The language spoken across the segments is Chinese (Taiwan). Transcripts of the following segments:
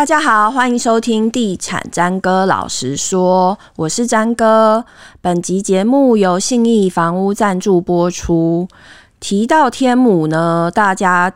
大家好，歡迎收聽《地產詹哥老實說》，我是詹哥。本集節目由信義房屋贊助播出。提到天母呢，大家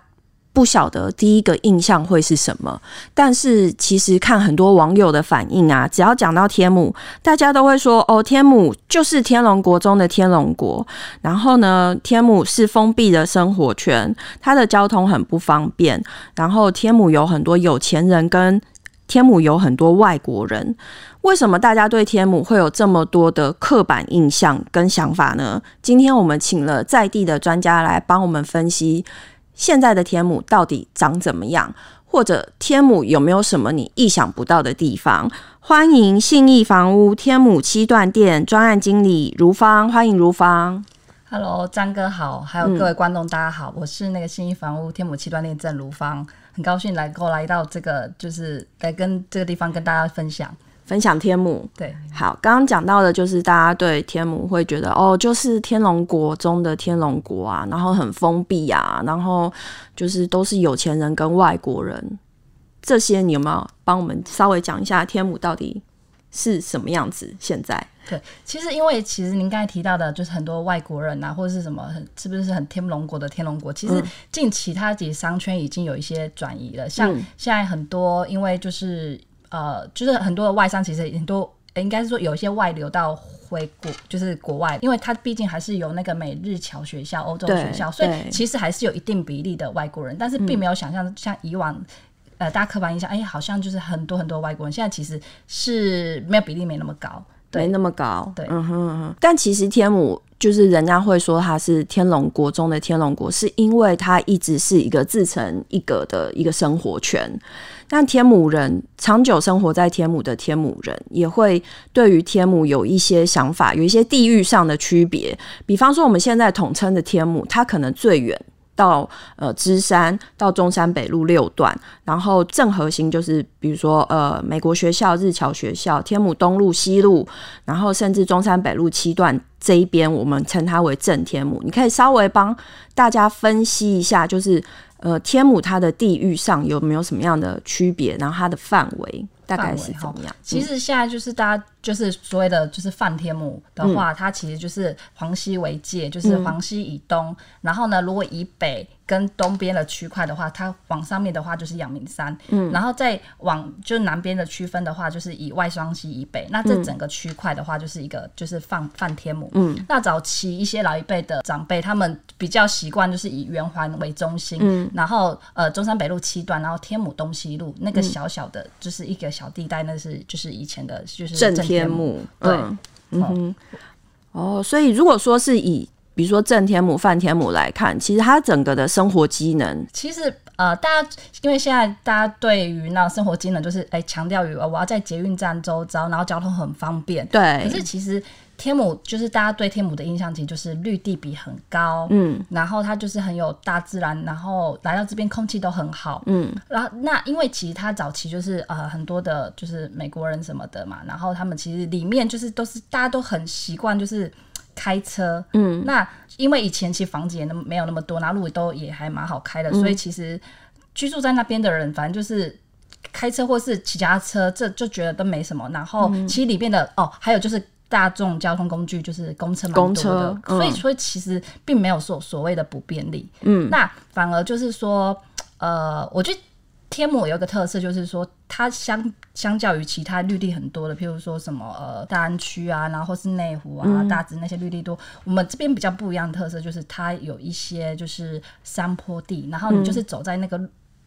不曉得第一個印象會是什麼，但是其實看很多網友的反應啊，只要講到天母，大家都會說哦，天母就是天龍國中的天龍國。然後呢，天母是封閉的生活圈，它的交通很不方便。然後天母有很多有錢人，跟天母有很多外國人。為什麼大家對天母會有這麼多的刻板印象跟想法呢？今天我們請了在地的專家來幫我們分析，現在的天母到底長怎麼樣？或者天母有沒有什麼你意想不到的地方？歡迎信義房屋天母七段店專案經理如芳，歡迎如芳。Hello，詹哥好，還有各位觀眾大家好，嗯、我是那個信義房屋天母七段店鄭如芳，很高興來過來到這個，就是來跟這個地方跟大家分享。分享天母。對，好，剛剛講到的就是大家對天母會覺得哦，就是天龍國中的天龍國啊，然後很封閉啊，然後就是都是有錢人跟外國人。這些你有沒有幫我們稍微講一下天母到底是什麼樣子？現在對，其實因為其實您剛才提到的就是很多外國人啊，或者是什麼，是不是很天龍國的天龍國？其實近其他幾商圈已經有一些轉移了，嗯，像現在很多因為就是。呃，就是很多的外商，其實很多，欸、應該是說有一些外流到回國，就是國外，因為他畢竟還是有那個美日僑學校、歐洲學校，對所以其實還是有一定比例的外國人，對但是並沒有想象像,像以往，呃，大家刻板印象，哎、欸，好像就是很多很多外國人。現在其實是沒有比例，沒那麼高，沒那麼高。對，嗯哼,嗯哼。但其實天母就是人家會說他是天龍國中的天龍國，是因為他一直是一個自成一格的一個生活圈。那天母人長久生活在天母的天母人，也會對於天母有一些想法，有一些地域上的區別。比方說，我們現在統稱的天母，它可能最遠到呃芝山，到中山北路六段，然後正核心就是比如說呃美國學校、日僑學校、天母東路、西路，然後甚至中山北路七段這一邊，我們稱它為正天母。你可以稍微幫大家分析一下，就是。呃，天母它的地域上有沒有什麼樣的區別？然後它的範圍大概是怎麼樣？範圍，嗯、其實現在就是大家。就是所謂的就是泛天母的話，嗯、它其實就是磺溪為界，就是磺溪以東。嗯、然後呢，如果以北跟東邊的區塊的話，它往上面的話就是陽明山。嗯，然後再往就南邊的區分的話，就是以外雙溪以北。嗯、那這整個區塊的話，就是一個就是泛泛天母。嗯，那早期一些老一輩的長輩，他們比較習慣就是以圓環為中心，嗯、然後呃中山北路七段，然後天母東西路那個小小的就是一個小地帶，那是、個、就是以前的就是正天母，嗯對嗯哼，哦，所以如果說是以比如說正天母、泛天母來看，其實它整個的生活機能，其實呃，大家因為現在大家對於那生活機能，就是哎強調於我要在捷運站周遭，然後交通很方便，對，可是其實。天母就是大家對天母的印象其實就是綠地比很高，嗯，然後它就是很有大自然，然後來到這邊空氣都很好，嗯，然後那因為其實它早期就是呃很多的就是美國人什麼的嘛，然後他們其實裡面就是都是大家都很習慣就是開車，嗯，那因為以前其實房子也那麼沒有那麼多，那路都也還蠻好開的，嗯、所以其實居住在那邊的人反正就是開車或是騎腳踏車這就覺得都沒什麼，然後其實裡面的、嗯、哦還有就是。大眾交通工具就是蠻多的公車，公、嗯、車，所以所以其實並沒有所所謂的不便利。嗯，那反而就是說，呃，我覺得天母有一個特色，就是說它相相較於其他綠地很多的，譬如說什麼呃大安區啊，然後或是內湖啊、大直那些綠地多。嗯、我們這邊比較不一樣的特色，就是它有一些就是山坡地，然後你就是走在那個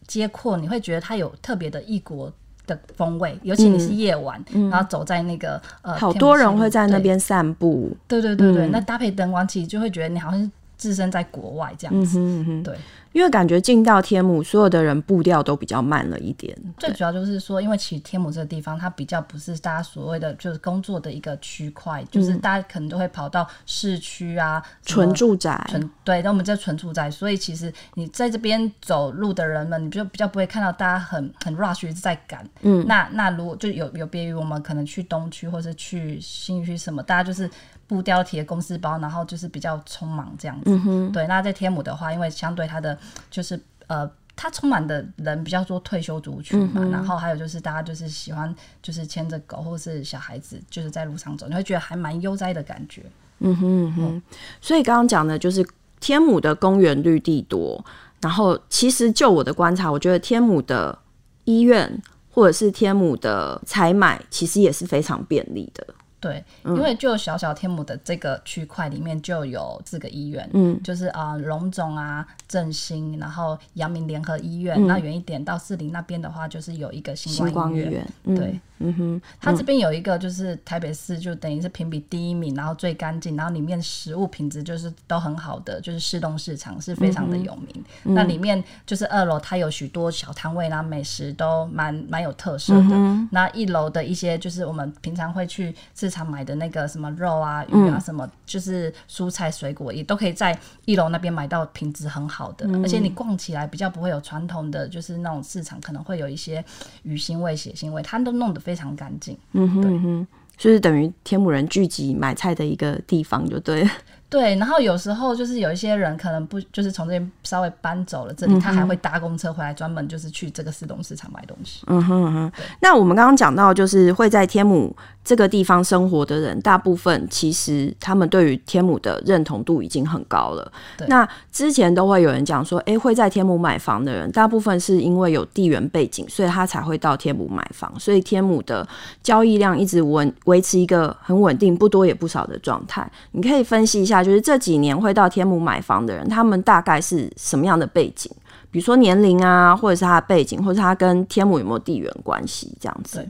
街廓，你會覺得它有特別的異國的風味，尤其你是夜晚，嗯、然後走在那個、嗯、呃，好多人會在那邊散步，對，對對對對，嗯、那搭配燈光，其實就會覺得你好像是。置身在國外這樣子，嗯哼嗯哼，對，因為感覺進到天母，所有的人步調都比較慢了一點。最主要就是說，因為其實天母這個地方，它比較不是大家所謂的就是工作的一個區塊，就是大家可能都會跑到市區啊，純、嗯、什麼住宅，純對，那我們這純住宅，所以其實你在這邊走路的人們，你就比較不會看到大家很很 rush 在趕。嗯，那那如果就有有別於我們可能去東區或者去新區什麼，大家就是。不雕剔的公司包，然後就是比較匆忙這樣子。嗯、哼對，那在天母的話，因為相對它的就是呃，它充滿的人比較多，退休族群嘛。嗯、哼然後還有就是大家就是喜歡就是牽着狗或是小孩子，就是在路上走，你會覺得還蠻悠哉的感覺。嗯哼嗯哼，嗯哼。所以剛剛講的，就是天母的公園綠地多。然後其實就我的觀察，我覺得天母的醫院或者是天母的採買，其實也是非常便利的。對，嗯、因為就小小天母的這個區塊裡面就有四個醫院，嗯，就是、uh, 啊榮總啊振興，然後陽明聯合醫院，嗯、那遠一點到四零那邊的話，就是有一個新光醫院，醫院嗯、對。嗯嗯哼，嗯它這邊有一個就是台北市，就等於是評比第一名，然後最乾淨，然後裡面食物品質就是都很好的，就是士東市場是非常的有名。嗯嗯、那裡面就是二樓，它有許多小攤位啦，美食都蠻蠻有特色的。那、嗯、哼一樓的一些就是我們平常會去市場買的那個什麼肉啊、魚啊什麼，嗯、就是蔬菜水果也都可以在一樓那邊買到品質很好的，嗯、而且你逛起來比較不會有傳統的就是那種市場可能會有一些魚腥味、血腥味，他都弄得。非常乾淨，嗯哼對嗯哼，就是等於天母人聚集買菜的一個地方，就對了。對，然後有時候就是有一些人可能不就是從這邊稍微搬走了，這裡、嗯、哼他還會搭公車回來，專門就是去這個士東市場買東西。嗯哼嗯哼。對那我們剛剛講到，就是會在天母這個地方生活的人，大部分其實他們對於天母的認同度已經很高了。對。那之前都會有人講說，哎、欸，會在天母買房的人，大部分是因為有地緣背景，所以他才會到天母買房，所以天母的交易量一直穩維持一個很穩定、不多也不少的狀態。你可以分析一下。就是這幾年會到天母買房的人，他們大概是什麼樣的背景？比如說年齡啊，或者是他的背景，或者是他跟天母有沒有地緣關係這樣子。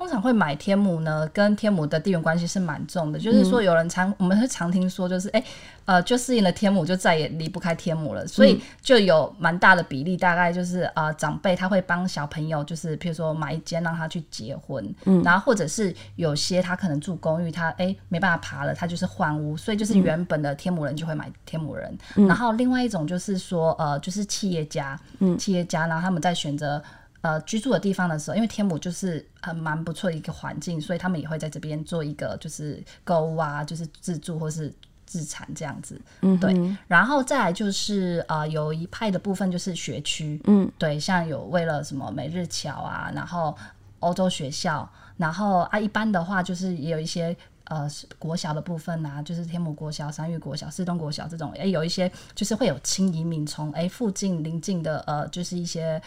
通常會買天母呢，跟天母的地緣關係是蠻重的。就是說，有人常、嗯、我們常聽說，就是哎、欸，呃，就適應了天母，就再也離不開天母了。所以就有蠻大的比例，大概就是啊、呃，長輩他會幫小朋友，就是譬如說買一間讓他去結婚，嗯、然後或者是有些他可能住公寓，他哎、欸、沒辦法爬了，他就是換屋。所以就是原本的天母人就會買天母人，嗯、然後另外一種就是說呃，就是企業家，企業家，然後他們在選擇。呃，居住的地方的時候，因為天母就是很蠻、呃、不錯的一個環境，所以他們也會在這邊做一個就是購物啊，就是自住或是自產這樣子。嗯哼，對。然後再來就是呃有一派的部分就是學區，嗯，對，像有為了什麼美日僑啊，然後歐洲學校，然後啊一般的話就是也有一些呃國小的部分吶、啊，就是天母國小、三玉國小、士東國小這種，哎、欸、有一些就是會有輕移民從誒、欸、附近鄰近的呃就是一些。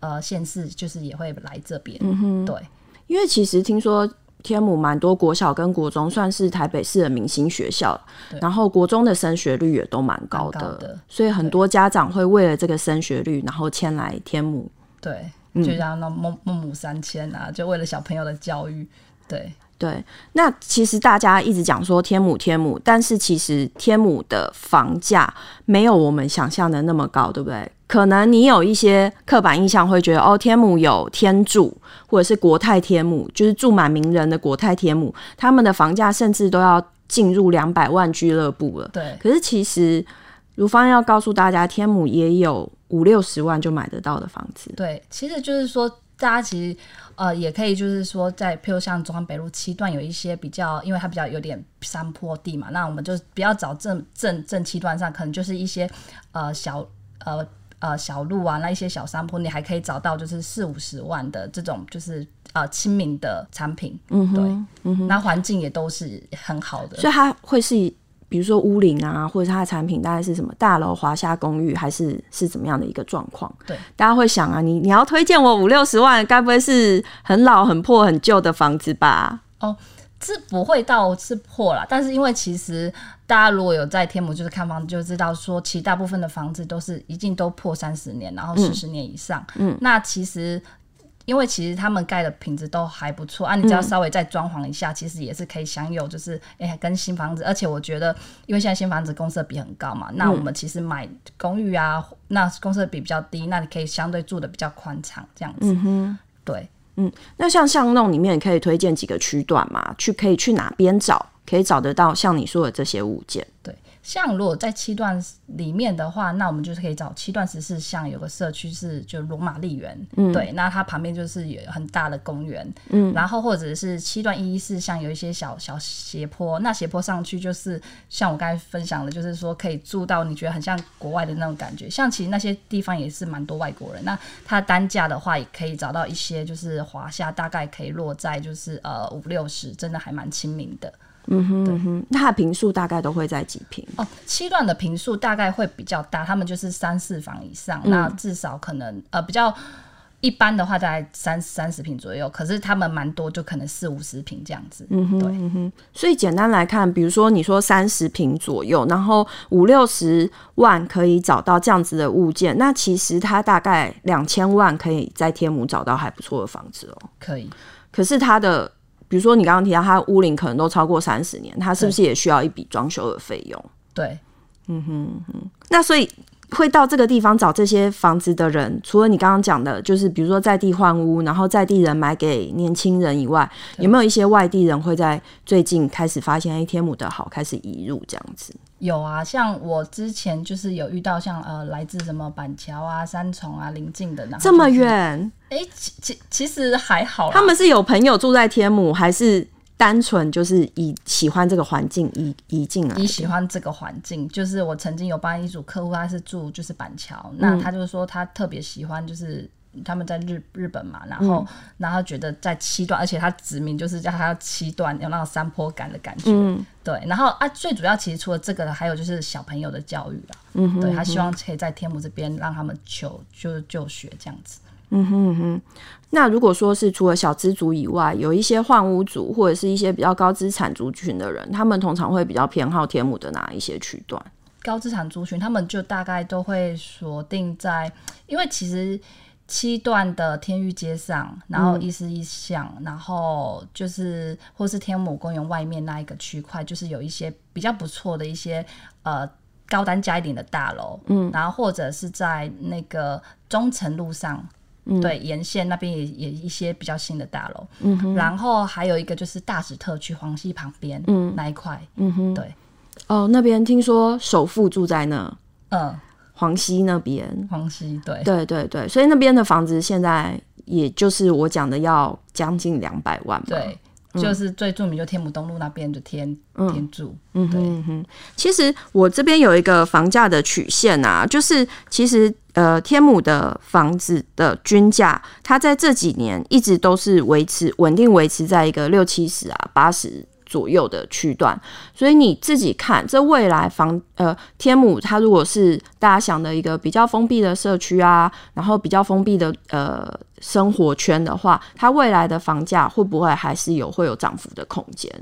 呃，現市就是也會來這邊，嗯、哼對，因為其實聽說天母蠻多國小跟國中算是台北市的明星學校，對然後國中的升學率也都蠻高的，高的，所以很多家長會為了這個升學率，然後遷來天母，對，嗯、就像那孟孟母三遷啊，就為了小朋友的教育，對對。那其實大家一直講說天母天母，但是其實天母的房價沒有我們想象的那麼高，對不對？可能你有一些刻板印象，會覺得哦，天母有天柱，或者是國泰天母，就是住滿名人的國泰天母，他們的房價甚至都要進入兩百萬俱樂部了。對。可是其實，如芳要告訴大家，天母也有五六十萬就買得到的房子。對，其實就是說，大家其實呃，也可以就是說在，在譬如像中山北路七段有一些比較，因為它比較有點山坡地嘛，那我們就不要找正正正七段上，可能就是一些呃小呃。小呃呃，小路啊，那一些小山坡，你還可以找到就是四五十萬的這種，就是呃，親民的產品，嗯哼對嗯哼那環境也都是很好的，所以它會是比如說屋齡啊，或者是它的產品大概是什麼大樓、華夏公寓，還是是怎麼樣的一個狀況？對，大家會想啊，你你要推薦我五六十萬，該不會是很老、很破、很舊的房子吧？哦。是不會到是破了，但是因為其實大家如果有在天母就是看房子，就知道說其大部分的房子都是已經都破三十年，然後四十年以上。嗯，嗯，那其實因為其實他們蓋的品質都還不錯啊，你只要稍微再裝潢一下，其實也是可以享有就是哎跟、欸、新房子。而且我覺得因為現在新房子公設比很高嘛，那我們其實買公寓啊，那公設比比較低，那你可以相對住的比較寬敞這樣子。嗯哼，對。嗯，那像巷弄裡面也可以推薦幾個區段嘛，去可以去哪邊找，可以找得到像你說的這些物件？對。像如果在七段裡面的話，那我們就是可以找七段十四巷有個社區是就羅馬麗園，嗯、對，那它旁邊就是有很大的公園，嗯，然後或者是七段一一四巷有一些小小斜坡，那斜坡上去就是像我剛才分享的，就是說可以住到你覺得很像國外的那種感覺，像其實那些地方也是蠻多外國人，那它單價的話也可以找到一些就是華夏大概可以落在就是呃五六十，5, 60, 真的還蠻親民的。嗯哼嗯它對的坪數大概都會在幾坪哦？七段的坪數大概會比較大，他們就是三四房以上，那、嗯啊、至少可能呃比較一般的話大概三三十坪左右，可是他們蠻多就可能四五十坪這樣子。嗯哼，對嗯哼，所以簡單來看，比如說你說三十坪左右，然後五六十萬可以找到這樣子的物件，那其實它大概兩千萬可以在天母找到還不錯的房子哦。可以，可是它的。比如說，你剛剛提到他屋齡可能都超過三十年，他是不是也需要一筆裝修的費用？對，嗯哼哼、嗯。那所以會到這個地方找這些房子的人，除了你剛剛講的，就是比如說在地換屋，然後在地人買給年輕人以外，對有沒有一些外地人會在最近開始發現天母的好，開始移入這樣子？有啊，像我之前就是有遇到像呃來自什麼板橋啊、三重啊、鄰近的那、就是、這麼遠，誒、欸，其其其實還好。他們是有朋友住在天母，還是單純就是以喜歡這個環境近以以進來？你喜歡這個環境，就是我曾經有幫一組客戶，他是住就是板橋，那他就是說他特別喜歡就是。他們在日日本嘛，然後、嗯、然後覺得在七段，而且他指名就是叫他七段，有那種山坡感的感覺，嗯、對。然後啊，最主要其實除了這個，還有就是小朋友的教育啦。嗯哼嗯哼，對他希望可以在天母這邊讓他們求就就學這樣子。嗯哼嗯哼。那如果說是除了小資族以外，有一些換屋族或者是一些比較高資產族群的人，他們通常會比較偏好天母的哪一些區段？高資產族群，他們就大概都會鎖定在，因為其實。七段的天玉街上，然後一四一巷，嗯、然後就是或是天母公園外面那一個區塊，就是有一些比較不錯的一些呃高單價一點的大樓，嗯、然後或者是在那個忠誠路上，嗯、對，沿線那邊也也一些比較新的大樓，嗯、哼然後還有一個就是大使特區磺溪旁邊，嗯、那一塊，嗯、哼對，哦，oh, 那邊聽說首富住在那，嗯。黃溪那邊，黃溪對對對對，所以那邊的房子現在也就是我講的要將近兩百萬，對，就是最著名就天母東路那邊的天天柱。嗯哼,哼,哼，對其實我這邊有一個房價的曲線啊，就是其實呃天母的房子的均價，它在這幾年一直都是維持穩定，維持在一個六七十啊八十。左右的區段，所以你自己看，這未來房呃天母，它如果是大家想的一個比較封閉的社區啊，然後比較封閉的呃生活圈的話，它未來的房價會不會還是有會有漲幅的空間？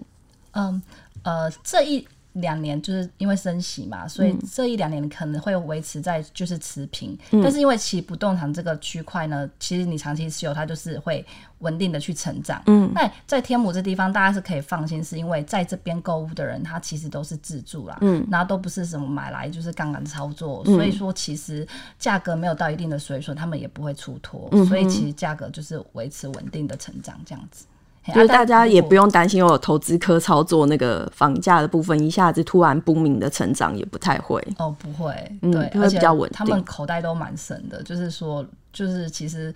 嗯，呃這一兩年就是因為升息嘛，所以這一兩年可能會維持在就是持平。嗯，但是因為其不動產這個區塊呢，其實你長期持有它就是會穩定的去成長。嗯，那在天母這地方大家是可以放心，是因為在這邊購物的人他其實都是自住啦，嗯，然後都不是什麼買來就是槓桿操作，所以說其實價格沒有到一定的水準，他們也不會出脫，所以其實價格就是維持穩定的成長這樣子。啊、就是大家也不用擔心有投資客操作那個房價的部分，一下子突然不明的成長也不太會哦，不會，因、嗯、對會比較穩定。他們口袋都蠻深的，就是說，就是其實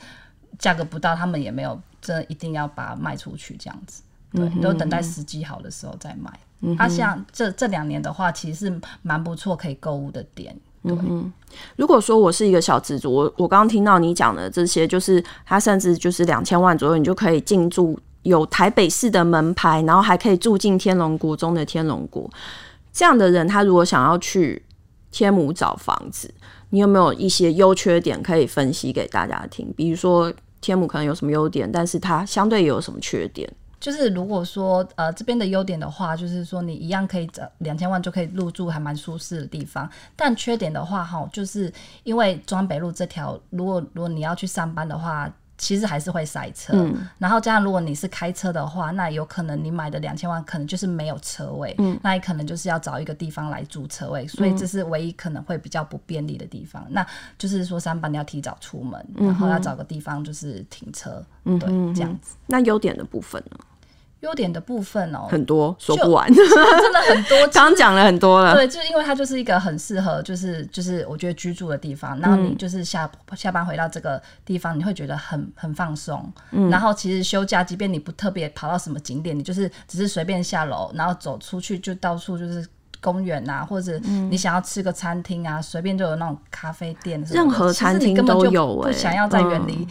價格不到，他們也沒有真的一定要把它賣出去這樣子，對都、嗯、哼等待時機好的時候再賣。嗯哼，啊、像這這兩年的話，其實是蠻不錯可以購物的點。對、嗯，如果說我是一個小資族，我我剛剛聽到你講的這些，就是他甚至就是兩千萬左右，你就可以進駐。有台北市的門牌，然後還可以住進天龍國中的天龍國，這樣的人他如果想要去天母找房子，你有沒有一些優缺點可以分析給大家聽？比如說天母可能有什麼優點，但是它相對也有什麼缺點？就是如果說呃這邊的優點的話，就是說你一樣可以找兩千萬就可以入住，還蠻舒適的地方。但缺點的話，哈，就是因為中央北路這條，如果如果你要去上班的話，其實還是會塞車，嗯、然後加上如果你是開車的話，那有可能你買的兩千萬可能就是沒有車位，嗯、那也可能就是要找一個地方來租車位，所以這是唯一可能會比較不便利的地方。嗯、那就是說上班你要提早出門，嗯、哼然後要找個地方就是停車，嗯、哼對，嗯、哼這樣子。那優點的部分呢？優點的部分哦、喔，很多說不完，真的很多。剛講了很多了，對，就是因為它就是一個很適合，就是就是我覺得居住的地方。然後你就是下、嗯、下班回到這個地方，你會覺得很很放鬆。嗯、然後其實休假，即便你不特別跑到什麼景點，你就是只是隨便下樓，然後走出去就到處就是公園啊，或者你想要吃個餐廳啊，隨、嗯、便就有那種咖啡店，任何餐廳都有、欸。你根本就不想要在遠離，嗯、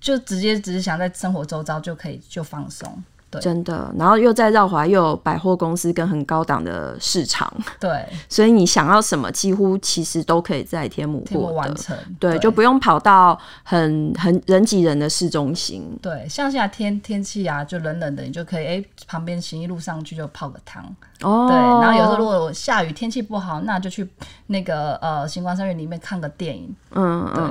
就直接只是想在生活周遭就可以就放鬆。對真的，然後又在兆華又有百貨公司跟很高檔的市場，對，所以你想要什麼，幾乎其實都可以在天母,天母完成，對，對對就不用跑到很很人擠人的市中心。對，像夏天天氣啊，就冷冷的，你就可以哎、欸、旁邊行義路上去就泡個湯，哦，對，然後有時候如果下雨天氣不好，那就去那個呃新光三越裡面看個電影，嗯對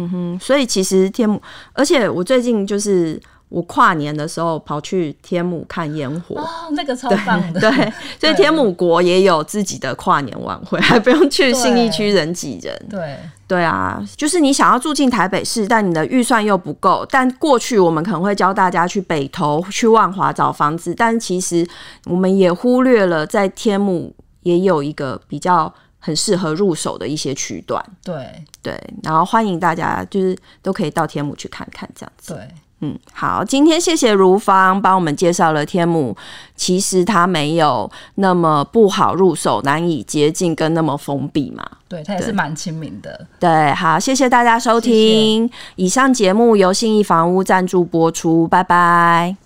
嗯哼，所以其實天母，而且我最近就是。我跨年的時候跑去天母看煙火，哦，那個超棒的。對，對，所以天母國也有自己的跨年晚會，對。還不用去信義區人擠人。對，對啊，就是你想要住進台北市，但你的預算又不夠。但過去我們可能會教大家去北投、去萬華找房子，但其實我們也忽略了在天母也有一個比較很適合入手的一些區段。對，對，然後歡迎大家就是都可以到天母去看看這樣子。對。嗯，好，今天謝謝如芳幫我們介紹了天母，其實它沒有那麼不好入手、難以接近跟那麼封閉嘛，對，它也是蠻親民的。對。對，好，謝謝大家收聽。謝謝。以上節目由信義房屋贊助播出，拜拜。